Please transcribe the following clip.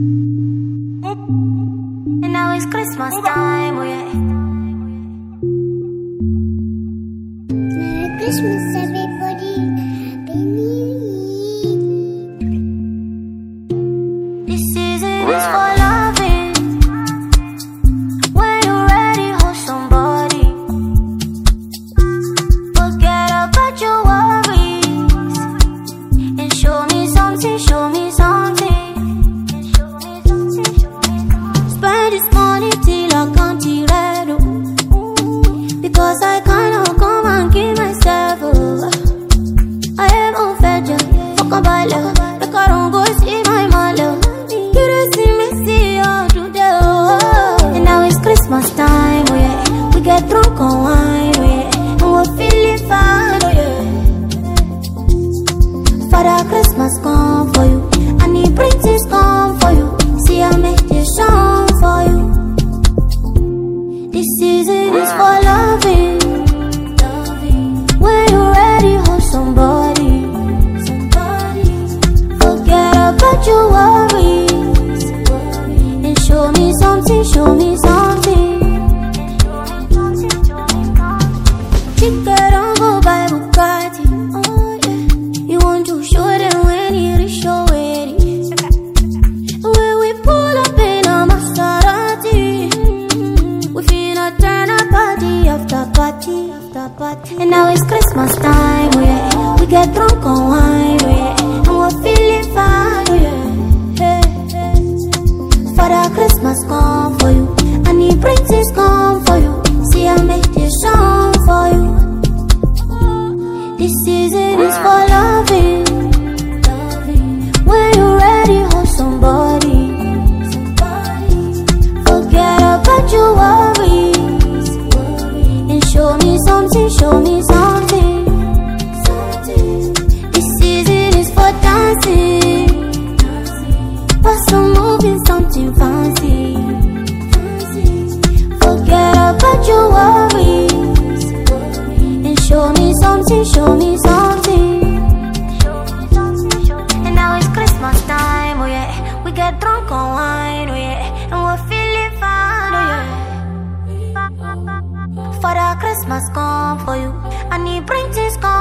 And now it's Christmas time, oh yeah. Merry Christmas, everybody. Happy New Year. This is wow. is for love. When you're ready, hold somebody. Forget about your worries and show me something. Show this morning till I can't Because I cannot come and kill myself I am on fire, fuck and show me something, show me something. Oh, you want to show them when show it. When we pull up in Maserati, we finna turn a party after party after party. And now it's Christmas time, oh, yeah. We get drunk on Father Christmas come for you, and the princess come for you. See, I make this song for you. This season is for loving. When you're ready, hold somebody. Forget about your world. Show me something, show me something. And now it's Christmas time, oh yeah. We get drunk on wine, oh yeah. And we're feeling fine, oh yeah. Father, Christmas come for you. And he brings his come.